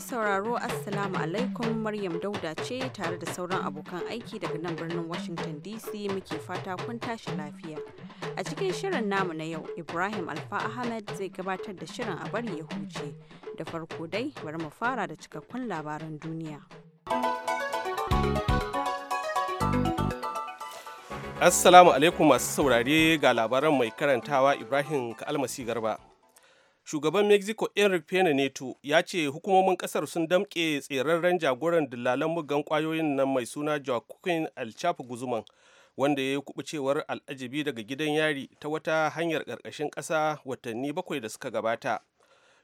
sauraro Assalamu alaikum Maryam Dauda ce tare da sauran abokan aiki daga nan birnin Washington DC muke fata kun tashi lafiya. A cikin shirin namu na yau, Ibrahim Alfa Ahmed zai gabatar da shirin a bari ya huce. Da farko dai, bari mu fara da cikakkun labaran duniya. Assalamu alaikum masu saurare ga labaran mai karantawa Ibrahim Kalmasi Garba. shugaban mexico enrique pena neto ya ce hukumomin kasar sun damƙe tserarren jagoran dillalan mugan kwayoyin nan mai suna joaquin chapo guzman wanda ya yi kubucewar al'ajibi daga gidan yari ta wata hanyar ƙarƙashin ƙasa watanni bakwai da suka gabata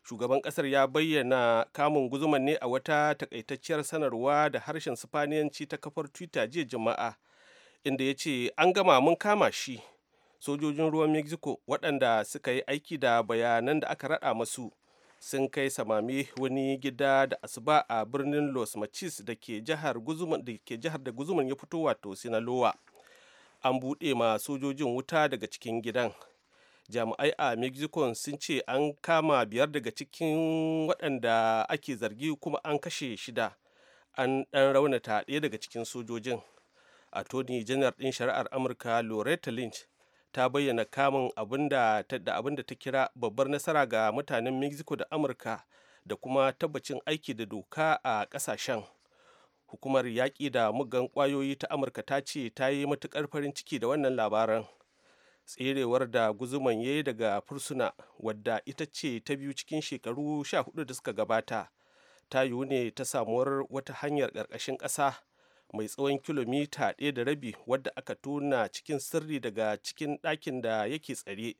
shugaban kasar ya bayyana kamun guzuman ne a wata takaitacciyar sanarwa da harshen sifaniyanci ta kafar twitter jiya juma'a inda ya ce an gama mun kama shi sojojin ruwan mexico waɗanda suka yi aiki da bayanan da aka raɗa masu sun kai samami wani gida da asuba a birnin los machis da ke jihar da guzuman ya fito wato sinaloa an buɗe ma sojojin wuta daga cikin gidan jami'ai a mexico sun ce an kama biyar daga cikin waɗanda ake zargi kuma an kashe shida an ɗan raunata ɗaya daga cikin sojojin a tony janar ɗin shari'ar amurka loretta lynch ta bayyana kamun da abin da ta kira babbar nasara ga mutanen mexico da amurka da kuma tabbacin aiki da doka a kasashen. hukumar yaƙi da mugan ƙwayoyi ta amurka ta ce ta yi matuƙar farin ciki da wannan labaran tserewar da guzuman ya daga fursuna wadda ita ce ta biyu cikin shekaru sha hudu da suka gabata ta yiwu ne ta samuwar wata hanyar ƙarƙashin ƙasa mai tsawon kilomita ɗaya da rabi wadda aka tona cikin sirri daga cikin ɗakin da yake tsare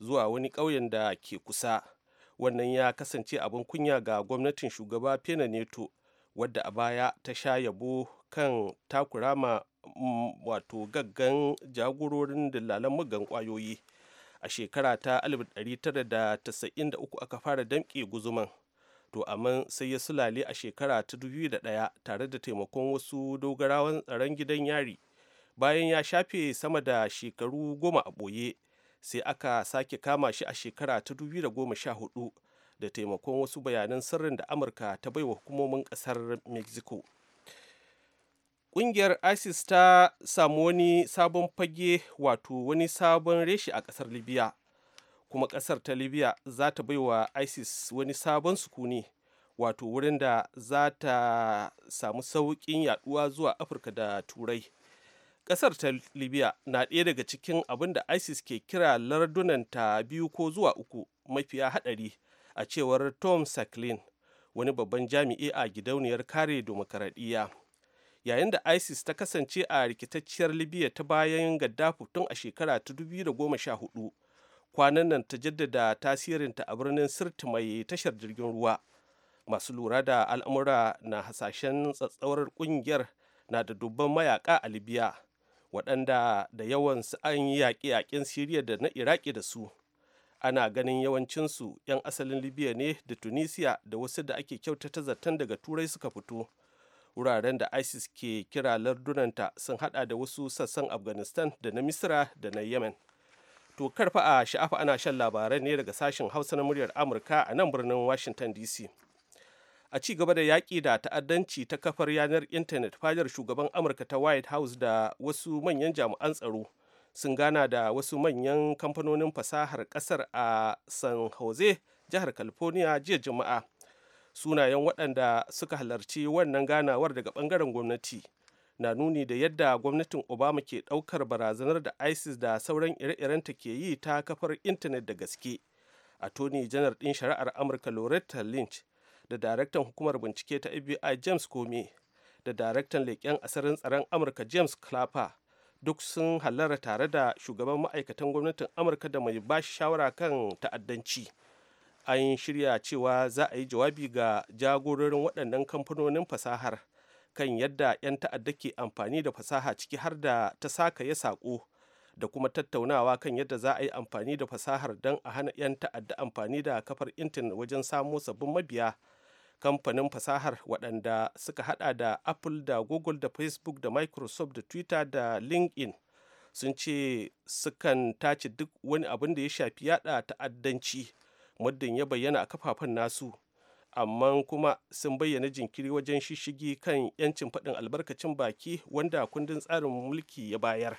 zuwa wani ƙauyen da ke kusa wannan ya kasance abin kunya ga gwamnatin shugaba fena neto wadda a baya ta sha yabo kan takurama mm, wato gaggan jagororin dillalan mugan kwayoyi a shekara ta 1993 aka fara damƙe guzuman to amma sai ya sulale a shekara ta 2001 tare da taimakon wasu dogarawan tsaron gidan yari bayan ya shafe sama da shekaru goma a ɓoye sai aka sake kama shi a shekara ta 2014 da taimakon wasu bayanan sirrin da amurka ta baiwa hukumomin kasar mexico ƙungiyar isis ta samu wani sabon fage wato wani sabon reshe a ƙasar libya kuma kasar ta libya za ta baiwa isis wani sabon sukuni wato wurin da za ta samu sauƙin yaduwa zuwa afirka da turai ƙasar ta libya na ɗaya daga cikin abin da isis ke kira lardunan ta biyu ko zuwa uku mafiya haɗari a cewar tom saklin wani babban jami'i a gidauniyar kare demokaradiyya yayin da isis ta kasance a rikitacciyar libya ta bayan gaddafi tun a shekara ta 2014 kwanan nan ta jaddada tasirinta a birnin sirti mai tashar jirgin ruwa masu lura da al'amura na hasashen tsatsawar kungiyar na da dubban mayaka a libya waɗanda da yawansu an yi yaƙi-yaƙin siriya da na iraki da su ana ganin yawancinsu 'yan asalin libya ne da tunisia da wasu da ake kyautata zaton daga turai suka fito wuraren da isis ke kira lardunanta sun hada da wasu sassan afghanistan da na misira da na yemen To karfa a sha'afa ana shan labaran ne daga sashen Hausa na muryar Amurka a nan birnin Washington DC. A ci gaba da yaƙi da ta'addanci ta kafar yanar intanet fadar shugaban Amurka ta White House da wasu manyan jami'an tsaro sun gana da wasu manyan kamfanonin fasahar ƙasar a San Jose, jihar California jiya Juma'a. Sunayen waɗanda suka halarci wannan ganawar daga ɓangaren gwamnati. na nuni da yadda gwamnatin obama ke ɗaukar barazanar da isis da sauran ire-irenta ke yi ta kafar intanet da gaske a tony janar din shari'ar amurka loretta lynch da daraktan hukumar bincike ta fbi james comey da daraktan leƙen asirin tsaron amurka james clapper duk sun hallara tare da shugaban ma'aikatan gwamnatin amurka da mai ba shawara kan ta'addanci an shirya cewa za a yi jawabi ga jagororin waɗannan kamfanonin fasahar kan yadda 'yan ta'adda ke amfani da fasaha ciki har da ta ya saƙo da kuma tattaunawa kan yadda za a yi amfani da fasahar don a hana 'yan ta'adda amfani da kafar intanet wajen samo sabbin mabiya kamfanin fasahar waɗanda suka hada da apple da google da facebook da microsoft da twitter da linkedin sun ce sukan tace duk wani abin da ya shafi yada ta'addanci muddin ya bayyana a kafafen nasu amma kuma sun bayyana jinkiri wajen shishigi kan 'yancin faɗin albarkacin baki wanda kundin tsarin mulki ya bayar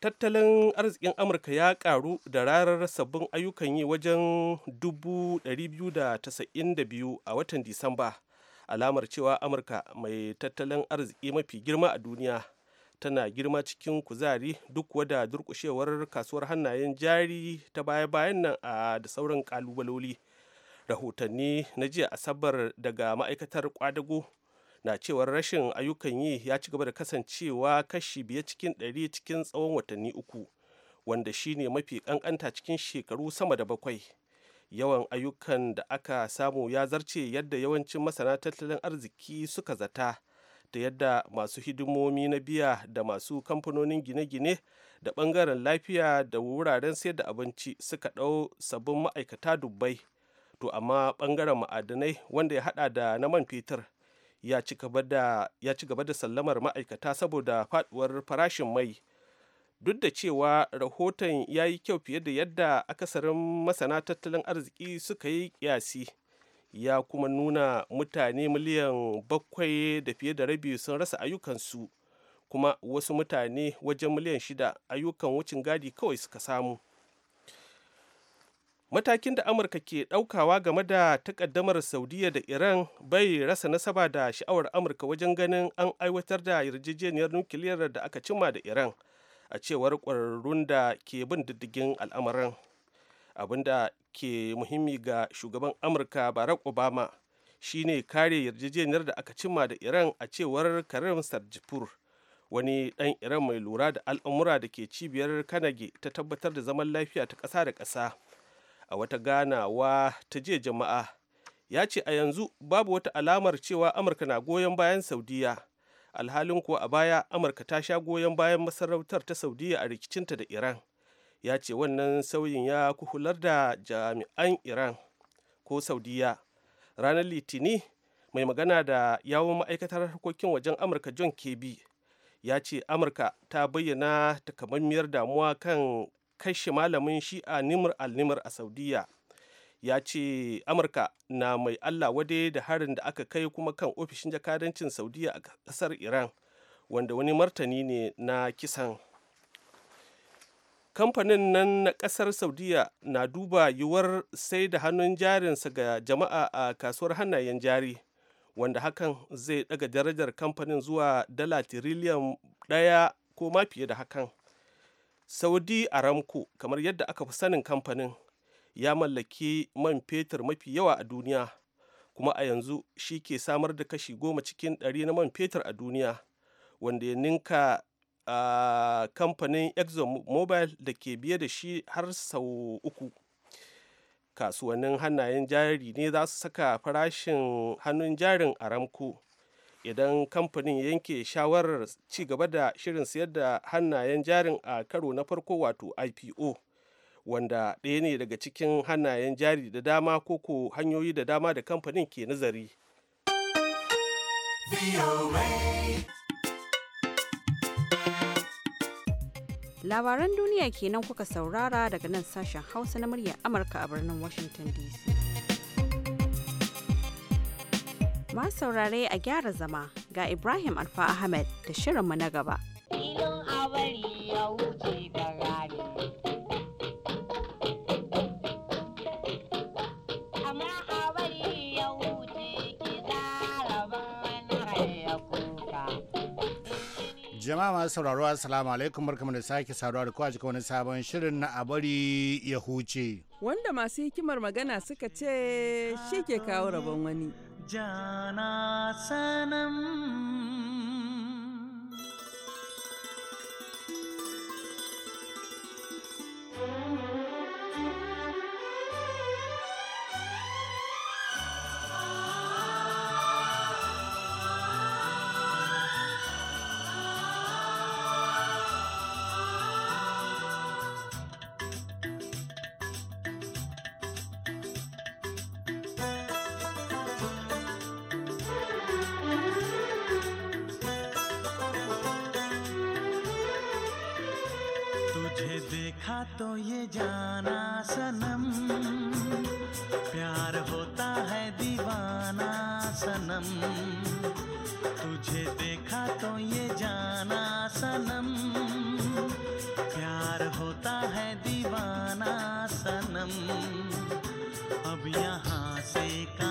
tattalin arzikin amurka ya karu da rarar sabbin ayyukan yi wajen 292 a watan disamba alamar cewa amurka mai tattalin arziki mafi girma a duniya tana girma cikin kuzari duk wada durkushewar kasuwar hannayen jari ta baya-bayan nan a da sauran kalubaloli. rahotanni na jiya asabar daga ma'aikatar kwadago na cewar rashin ayyukan yi ya ci gaba da kasancewa kashi biye cikin ɗari cikin tsawon watanni uku wanda shine mafi ƙanƙanta cikin shekaru sama da bakwai yawan ayyukan da aka samu ya zarce yadda yawancin masana tattalin arziki suka zata da yadda masu hidimomi na biya da masu kamfanonin gine-gine da ɓangaren lafiya da wuraren sayar da abinci suka ɗau sabbin ma'aikata dubbai to amma bangaren ma'adanai wanda ya hada da na man fetur ya ci gaba da sallamar ma'aikata saboda faduwar farashin mai duk da cewa rahoton ya yi kyau fiye da yadda akasarin masana tattalin arziki suka yi kiyasi ya kuma nuna mutane miliyan bakwai da fiye da rabi sun rasa ayyukansu kuma wasu mutane wajen miliyan shida ayyukan wucin gadi kawai suka samu matakin da amurka ke daukawa game da takaddamar saudiya da iran bai rasa nasaba da sha'awar amurka wajen ganin an aiwatar da yarjejeniyar nukiliyar da aka cimma da iran a cewar ƙwararrun da ke bin diddigin al'amuran abinda ke muhimmi ga shugaban amurka barack obama shine kare yarjejeniyar da aka cimma da iran a cewar karim sarjipur wani dan iran mai lura da al'amura da ke cibiyar kanage ta tabbatar da zaman lafiya ta ƙasa da ƙasa a wata ganawa ta jiya jama'a ya ce a yanzu babu wata alamar cewa amurka na goyon bayan saudiya alhalin kuwa a baya amurka ta sha goyon bayan masarautar ta saudiya a rikicinta da iran ya ce wannan sauyin ya kuhular da jami'an iran ko saudiya ranar litini mai magana da yawon ma'aikatar harkokin wajen amurka john kebi ya ce amurka ta bayyana takamammiyar damuwa kan kashe malamin shi'a nimr al-nimr a saudiya ya ce amurka na mai allah wade da harin da aka kai kuma kan ofishin jakadancin saudiya a kasar iran wanda wani martani ne na kisan kamfanin nan na kasar saudiya na duba yiwuwar sai da hannun jarinsa ga jama'a a kasuwar hannayen jari wanda hakan zai daga darajar kamfanin zuwa dala tiriliyan daya ko ma fiye da hakan saudi aramco kamar yadda aka fi sanin kamfanin ya mallaki man fetur mafi yawa a duniya kuma a yanzu shi ke samar da kashi goma cikin ɗari na man fetur a duniya wanda ya ninka a kamfanin exxon mobil da ke biye da shi har sau uku kasuwannin hannayen jari ne za su saka farashin hannun jarin aramco idan kamfanin yanke shawarar ci gaba da shirin sayar da hannayen jarin a karo na farko wato ipo wanda ɗaya ne daga cikin hannayen jari da dama ko ko hanyoyi da dama da kamfanin ke nazari labaran duniya kenan kuka saurara daga nan sashen hausa na muryar amurka a birnin washington dc Ma saurare a gyara zama ga Ibrahim Alfa Ahmed da shirinmu na gaba. jama'a masu sauraro assalamu alaikum barkamu da sake saduwa da kowa cikin wani sabon shirin na abari ya huce wanda masu hikimar magana suka ce shi ke kawo rabon wani जाना सनम तुझे देखा तो ये जाना सनम प्यार होता है दीवाना सनम तुझे देखा तो ये जाना सनम प्यार होता है दीवाना सनम अब यहाँ से कर...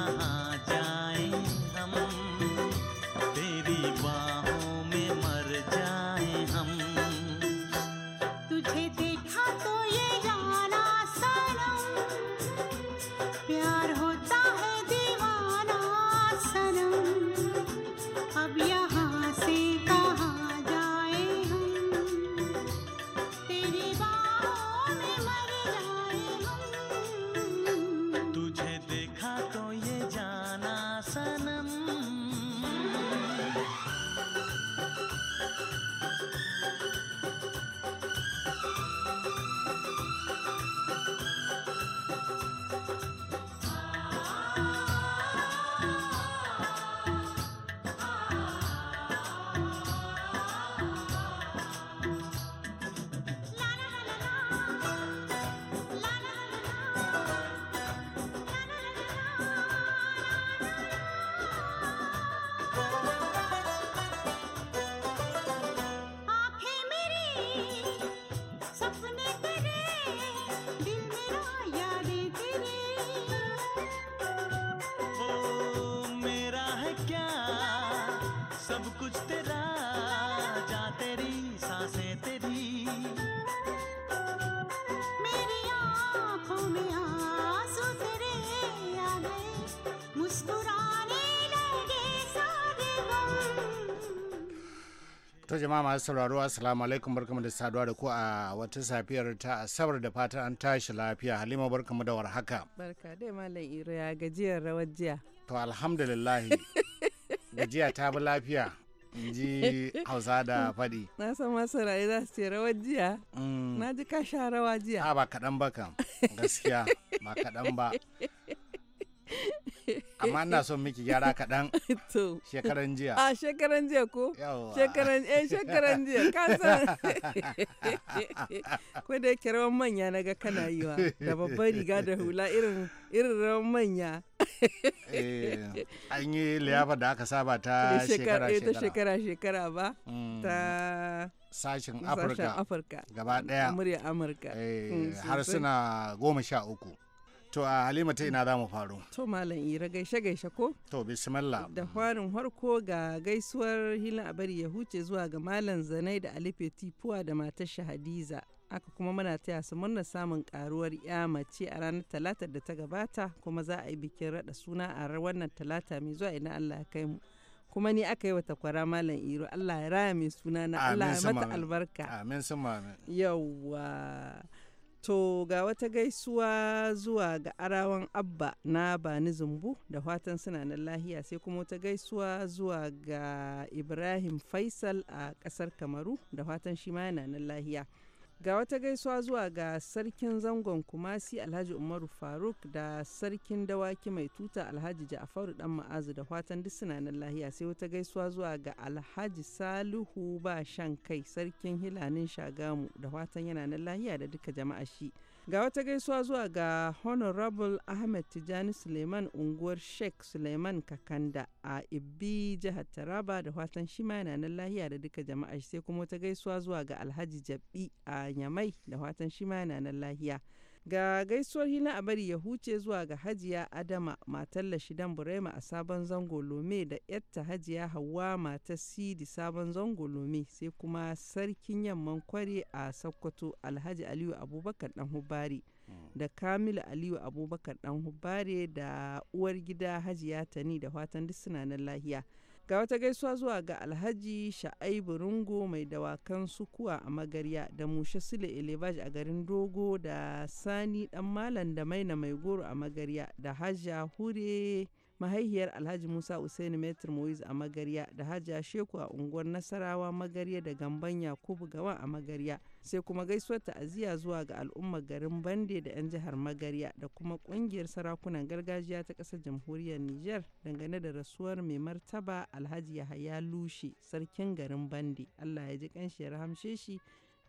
To jama'a masu sauraro assalamu alaikum barkamu da saduwa da ku a wata safiyar ta asabar da fatan an tashi lafiya Halima barkamu da warhaka. Barka dai malam Iro ya gajiyar rawar jiya. To alhamdulillah gajiya ta bi lafiya. in ji hausa da faɗi. Na san masu rayu za su ce rawar jiya. Mm. Na ji ka sha rawa jiya. A ba kaɗan ba kam gaskiya ba kaɗan ba. amma ina son miki gyara kaɗan shekaran jiya a shekaran jiya ko shekaran eh shekaran jiya ka ko da yake rawan manya na ga kana yi wa da babban riga da hula irin irin rawan manya eh, an yi liyafa da aka saba ta shekara shekara eh, ta shekara shekara ba mm. ta sashen afirka gaba daya eh, mm, har amurka goma sha uku To a Halima ta ina za mu faru. To Malam Ira gaishe gaishe ko? To bismillah. Da farin harko ga gaisuwar hilin abari ya huce zuwa ga Malam Zanai da Alife Tifuwa da matar Hadiza. Aka kuma muna taya su murna samun karuwar ya mace a ranar talatar da ta gabata kuma za a yi bikin rada suna a wannan talata mai zuwa idan Allah ya kai mu. kuma ni aka yi wa takwara malam iro Allah ya raya mai suna na Allah ya mata albarka amin sun yawwa To ga wata gaisuwa zuwa ga arawan abba na bani zumbu da fatan suna nan lahiya sai kuma wata gaisuwa zuwa ga Ibrahim Faisal a ƙasar Kamaru da fatan shi ma yana nan lahiya. Ga wata gaisuwa zuwa ga Sarkin zangon Kumasi Alhaji Umaru Faruk da Sarkin dawaki mai tuta Alhaji ja'afaru Dan Ma'azu da fatan duk sinanin lahiya sai wata gaisuwa zuwa ga Alhaji Salihu ba shan kai Sarkin Hilanin Shagamu da fatan yana nan lahiya da duka jama'a shi. Ga wata gaisuwa zuwa ga Honorable Ahmed Tijani Suleiman unguwar Sheikh Suleiman Kakanda a Ibbi jihar Taraba da fatan shi ma yana nan lahiya da duka jama'a sai kuma wata gaisuwa zuwa ga Alhaji Jabbi a Nyamai da fatan shi ma yana nan lahiya. Ga gaisuwar hina a bari ya huce zuwa ga Hajiya Adama matar Lashidan Burema a Sabon Zango Lome da yatta Hajiya hawa matar Sidi Sabon Zango Lome sai kuma Sarkin Yamman Kware a Sokoto Alhaji Aliyu Abubakar Dan Hubari mm. da Kamilu Aliyu Abubakar Dan Hubari da uwar gida Hajiya Tani da fatan duk suna nan lahiya. Ga wata gaisuwa zuwa ga Alhaji Sha'aibu Rungo mai dawakan sukuwa a magarya da Mushe Sule elevage a garin Dogo da Sani Dan Malam da Maina Mai Goro a magarya da Hajja Hure mahaihiyar Alhaji Musa Usaini Metro Moiz a magarya da Hajja Sheku a unguwar Nasarawa magarya da Gamban Yakubu Gawa a magarya. sai kuma gaisuwar ta'aziyya zuwa ga al'ummar garin bande da 'yan jihar magarya da kuma kungiyar sarakunan gargajiya ta ƙasar jamhuriyar niger dangane da rasuwar mai martaba alhaji yahaya lushe sarkin garin bande allah ya ji kanshi ya rahamshe shi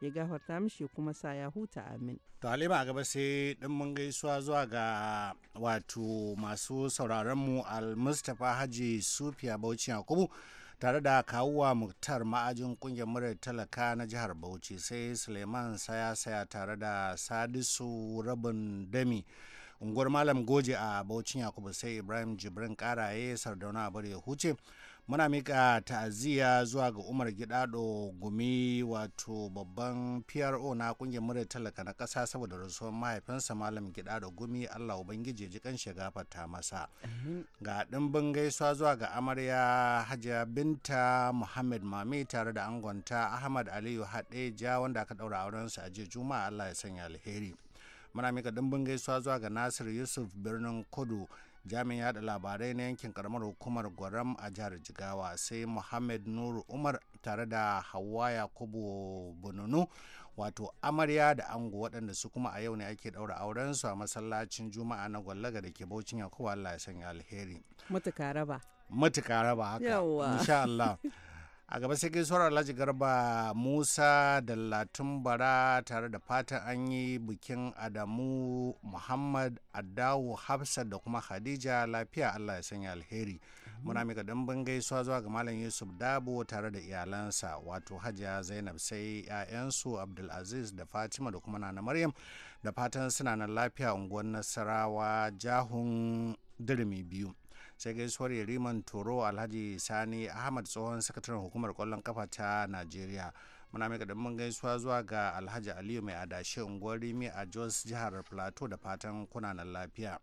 ya gafarta mishi kuma sa ya huta amin. To a gaba sai din mun gaisuwa zuwa ga wato masu sauraron mu Al Mustapha Haji Sufiya Bauchi Yakubu tare da kawuwa muktar ma'ajin kungiyar murar talaka na jihar bauchi sai suleiman saya saya tare da sadisu rabin dami unguwar malam goje a baucin yakubu sai ibrahim jibrin karaye sardauna abar ya huce muna mika ta'aziyya zuwa ga umar gidado gumi wato babban pro na kungiyar murar talaka na kasa saboda rasuwar mahaifinsa malam gidado gumi allah ubangiji ji kan gafarta masa ga dimbin gaisuwa zuwa ga amarya hajiya binta muhammad mami tare da angonta ahmad aliyu haɗe ja wanda aka ɗaura aurensa a jiya juma'a allah ya sanya alheri muna mika dimbin gaisuwa zuwa ga nasir yusuf birnin kudu jami'in yada labarai na yankin karamar hukumar gwaram a jihar jigawa sai muhammad nuru umar tare da hawa yakubu bununu wato amarya da ango waɗanda su kuma a yau ne ake ɗaura auren su a masallacin juma'a na gwallaga da ke baucin yakubu allah ya sanya alheri mutuka raba mutuka raba haka insha allah a gaba sai gaisuwar alhaji garba musa da latun bara tare da fatan an yi bikin adamu muhammad adawu hafsa da kuma hadija lafiya allah ya sanya alheri muna mika dimbin gaisuwa zuwa ga malam yusuf dabo tare da iyalansa wato hajiya zainab sai 'ya'yansu abdulaziz da fatima da kuma nana maryam da fatan suna na lafiya unguwar nasarawa jahun dirimi biyu sai gaisuwar yariman toro alhaji sani ahmad tsohon sakataren hukumar kwallon kafa ta najeriya muna mai kadamin gaisuwa zuwa ga alhaji aliyu mai adashe unguwar rimi a jos jihar plateau da fatan kunanan lafiya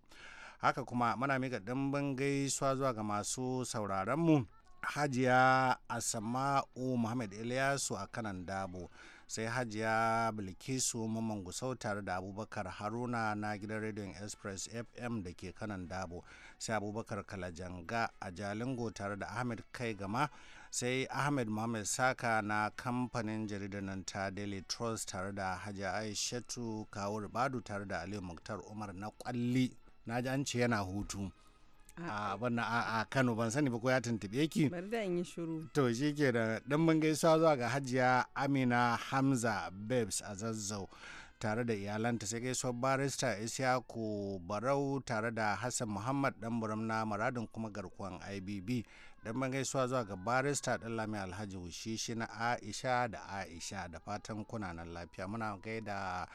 haka kuma muna kaɗan dimbin gaisuwa zuwa ga masu sauraronmu hajiya asama'u muhammad ilyasu a kanan dabo sai hajiya bilkisu mamman gusau tare da abubakar haruna na gidan rediyon express fm da ke kanan dabo sai abubakar kalajanga a jalingo tare da ahmed kai gama sai ahmed mohamed saka na kamfanin jaridar nan ta daily trust tare da hajiya aishatu kawo ribadu tare da aliyu muktar umar na kwalli na ji an ce yana hutu a wannan a Kano ban sani ba ko ya tuntube ki bari da in yi to shi ke da dan mun gaisuwa zuwa ga Hajiya Amina Hamza Babes a Zazzau tare da iyalanta sai gaisuwar barista Isyaku Barau tare da Hassan Muhammad dan Buram na Maradin kuma garkuwan IBB dan ban gaisuwa zuwa ga barista dan Lami Alhaji Wushishi na Aisha da Aisha da fatan kuna nan lafiya muna gaida da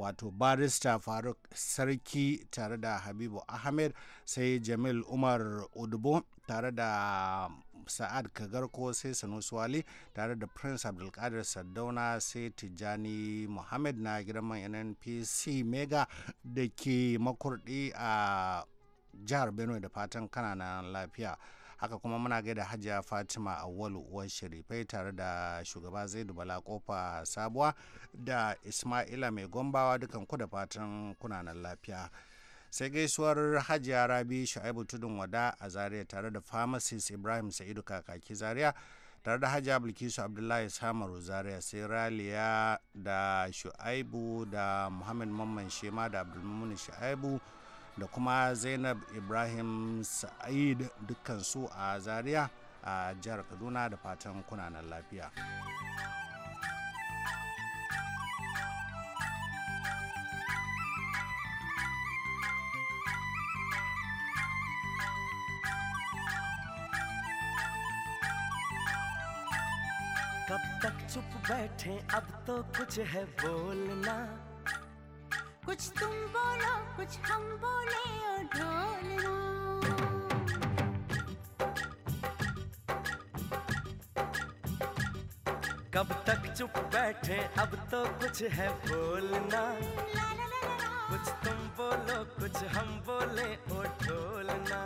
wato barista faruk sarki tare da habibu ahmed sai jamil umar udubu tare da um, sa'ad kagarko sai sanusi wali tare da prince abdulkadir sardauna sai tijani muhammad na girman nnpc mega da ke makurdi a jihar benue da fatan kana kananan lafiya haka kuma muna gaida hajiya fatima awwalu uwar sharifai tare da shugaba zaidu bala kofa sabuwa da ismaila mai gombawa dukan ku da fatan kunanan lafiya sai gaisuwar hajiya rabi shu'aibu tudun wada a zaria tare da pharmacist ibrahim sa'idu kakaki zaria tare da hajiya bilkisu abdullahi samaru zaria sai raliya da shu'aibu da muhammad mamman shema da abdulmumin shu'aibu da kuma zainab ibrahim sa'id dukkansu a zaria a jihar kaduna da fatan kunanan lafiya कब तक चुप बैठे अब तो कुछ है बोलना कुछ तुम बोलो कुछ हम बोले कब तक चुप बैठे अब तो कुछ है बोलना कुछ तुम बोलो कुछ हम बोले ओ ढोलना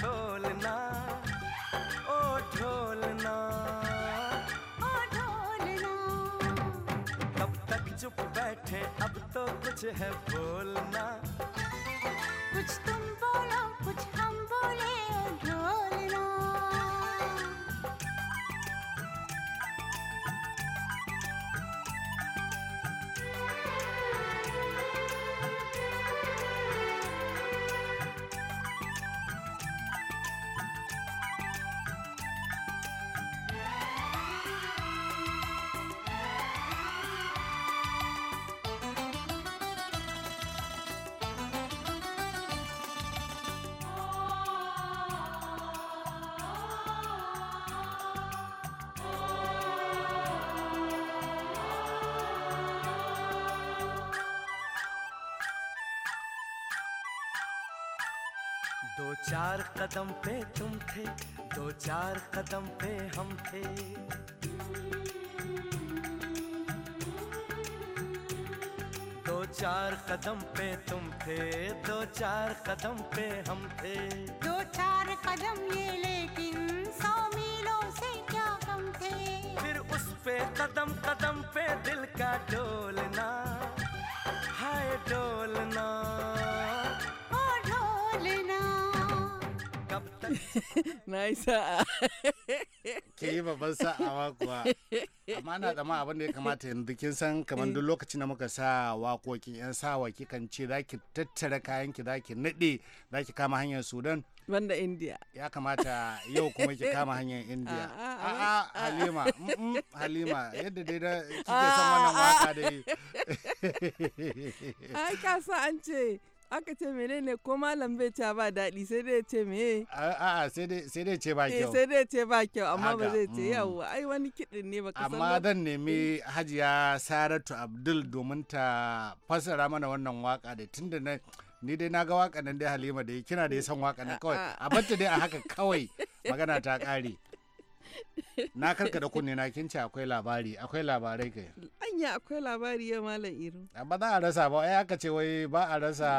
ठोलना ओ ढोलना ओ ढोलना कब तक चुप बैठे अब तो कुछ है बोलना चार कदम पे तुम थे दो चार कदम पे हम थे दो चार कदम पे तुम थे दो चार कदम पे हम थे दो चार कदम ये लेकिन सौ मीलों से क्या कम थे फिर उस पे कदम कदम पे दिल का डोलना हाय डोल na yi sa'a ke yi babban sa'a kuwa amma na zama abin da ya kamata yanzu kin san kamar duk lokacin da muka sa waƙoƙi yan sawa kan ce za ki tattara kayan ki za ki naɗe za ki kama hanyar sudan banda india ya kamata yau kuma ki kama hanyar india a'a halima halima yadda dai da kike san wannan waka dai ai ka sa an ce aka ce menene ko malam bai ce ba daɗi sai dai ce me a'a sai dai ce ba eh, kyau sai dai ce ba kyau amma ba zai ce mm. yawa ai wani kiɗin ne baka san amma zan nemi eh. hajiya saratu abdul domin ta fassara mana wannan waka da tunda na ni dai na ga waka nan dai halima da kina da ya san waka nan kawai a batta dai a haka kawai magana ta ƙare na karka da kunne na kinci akwai labari akwai labarai kai anya akwai labari ya malam iru amma za a rasa ba ai aka ce wai ba a rasa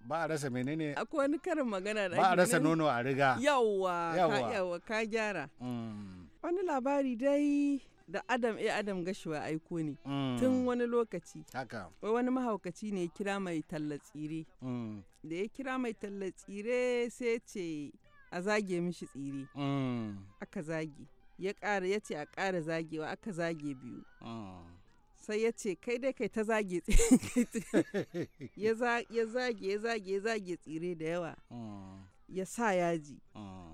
ba a rasa menene akwai wani karin magana da ba a rasa nono a riga yawwa yawwa ka gyara mm. wani labari dai da adam ya eh, adam gashuwa aiko ne mm. tun wani lokaci haka wani mahaukaci ne ya kira mai talla tsire mm. da ya kira mai talla tsire sai ce a zage mishi tsire mm. aka zage ya ƙara ya ce a ƙara zagewa aka zage biyu mm. sai ya ce kai dai kai ta zage ya zage ya zage ya zage tsire da yawa mm. ya sa yaji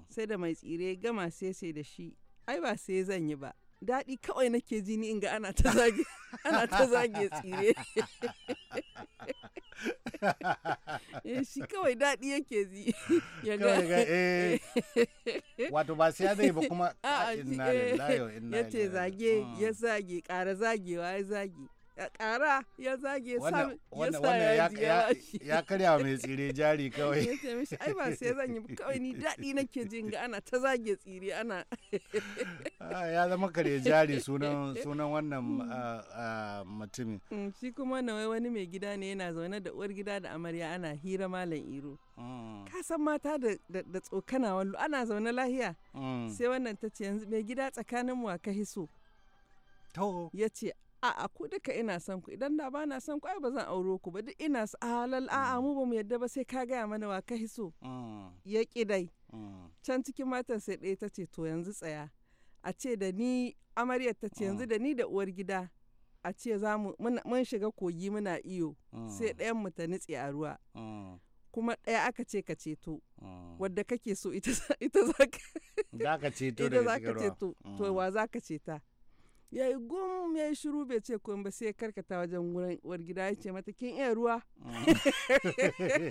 sai da mai tsire gama sai sai da shi ai ba sai zan yi ba daɗi kawai nake ji ni inga ana ta zage ana ta zage tsire eh, shi kawai daɗi yake ji ya ga eh. wato ba sai zai ba kuma ah, eh. ya ce zage ya zage ƙara zagewa ya zage kara ya zage sam ya sa ya ya karya mai tsire jari kawai ya ce mishi ai ba sai zan yi kawai ni daɗi nake jin ga ana ta zage tsire ana ah, ya zama kare jari sunan sunan wannan hmm. ah, ah, mutumin hmm, shi kuma na wai wani mai gida ne yana zaune da uwar gida da amarya ana hira malam iro hmm. ka san mata da tsokana wallo ana zaune lahiya sai wannan ta ce yanzu mai gida tsakanin mu ka hiso ya ce a'a ku duka ina son ku idan da bana son ku ai ba zan auro ku ba duk ina halal a'a mm. mu ba mu yadda ba sai ka gaya mana wa ka hiso mm. ya kidai mm. can cikin matan sai ɗaya ta ce to yanzu tsaya a ce da ni amaryar ta ce yanzu da ni da uwar gida a ce za mu mun shiga kogi muna iyo sai ɗayan mu ta nitse a ruwa kuma ɗaya aka ce ka ceto wadda kake so ita za ka ceto ita za ka ceto to wa za ka ceta ya yi gum ya yi shiru bai ce komai ba sai ya karkata wajen wurin wargida gida ya ce mata kin iya ruwa mm.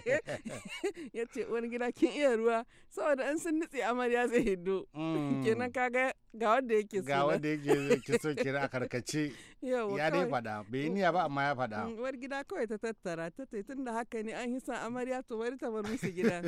ya ce uwar gida kin iya ruwa saboda an sun nutse amarya zai hiddo mm. kenan kaga ga wanda yake so ga wanda yake so kira a karkace ya dai fada bai niya ba amma ya fada. Mm, wargida gida kawai ta tattara ta tai tunda haka ne an hisa amarya to bari ta bar musu gida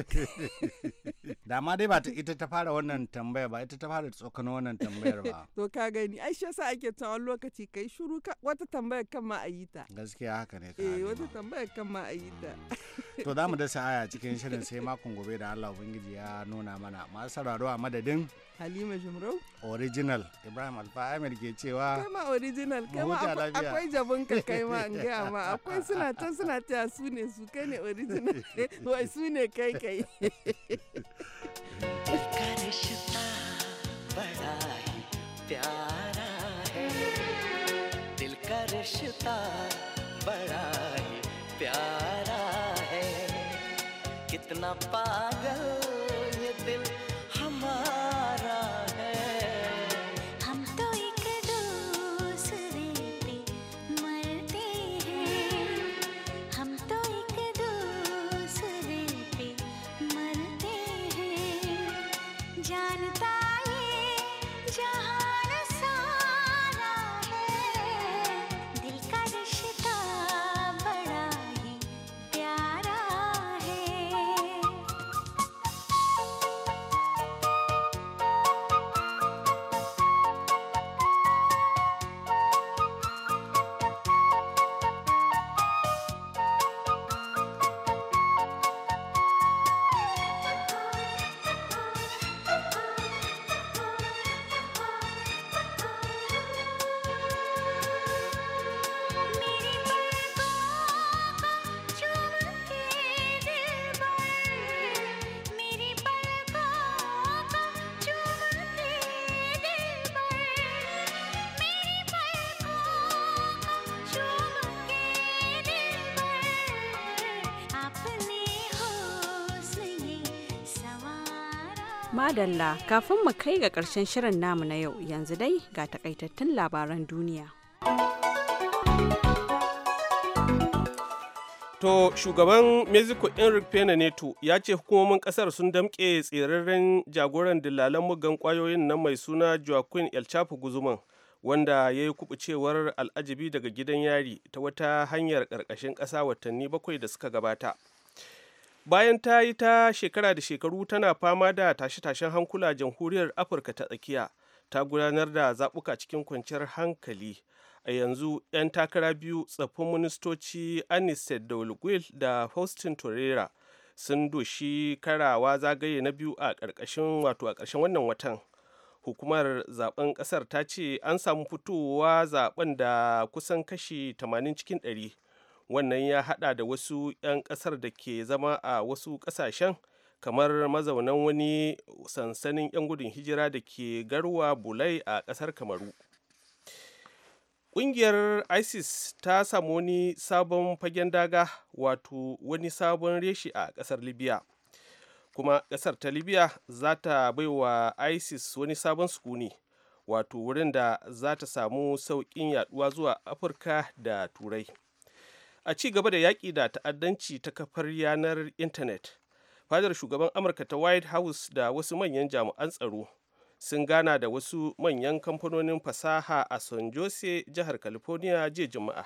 da ma dai ba ita ta fara wannan tambaya ba ita ta fara tsokano wannan tambayar ba to ka gani ai shi yasa kake tawon lokaci kai shuru wata tambayar kan ma'ayita. gaskiya haka ne ka eh, wata tambayar kan ma'ayita. Mm. to za mu dasa aya cikin shirin sai makon gobe da Allah ubangiji ya nuna mana masu sauraro a madadin Halima Jumrau original Ibrahim Alfa Ahmed ke cewa kai ma original kai ma akwai jabin ka kai ma an gaya ma akwai suna ta suna ta su ne su kai ne original wai su ne kai kai bada ही प्यार सा बड़ा ही प्यारा है कितना पा madalla kafin mu kai ga ƙarshen shirin namu na yau yanzu dai ga takaitattun labaran duniya. To shugaban Mexico Enrique Pena Neto ya ce hukumomin kasar sun damƙe tserarren jagoran dillalan mugan kwayoyin na mai suna Joaquin El Chapo Guzman wanda ya yi kubucewar al'ajibi daga gidan yari ta wata hanyar ƙarƙashin ƙasa watanni bakwai da suka gabata. bayan ta yi ta shekara da shekaru tana fama da tashe-tashen hankula jamhuriyar afirka ta tsakiya ta gudanar da zaɓuka cikin kwanciyar hankali a yanzu 'yan takara biyu tsaffin ministoci anistet daulguil da faustin torera sun doshi karawa zagaye na biyu a ƙarƙashin wato a ƙarshen wannan watan hukumar zaben ƙasar ta ce an samu fitowa zaben da kusan kashi 80 cikin 100 wannan ya hada da wasu 'yan kasar da ke zama a wasu kasashen kamar mazaunan wani sansanin 'yan gudun hijira da ke garwa bulai a kasar kamaru Ƙungiyar ISIS ta samu wani sabon fagen daga wato wani sabon reshi a ƙasar Libya. Kuma ƙasar ta Libya za ta baiwa ISIS wani sabon sukuni, wato wurin da za ta samu sauƙin yaduwa zuwa Afirka da Turai. a ci gaba da yaƙi da ta'addanci ta kafar yanar intanet fadar shugaban amurka ta white house da wasu manyan jami'an tsaro sun gana da wasu manyan kamfanonin fasaha a san jose jihar california jiya juma'a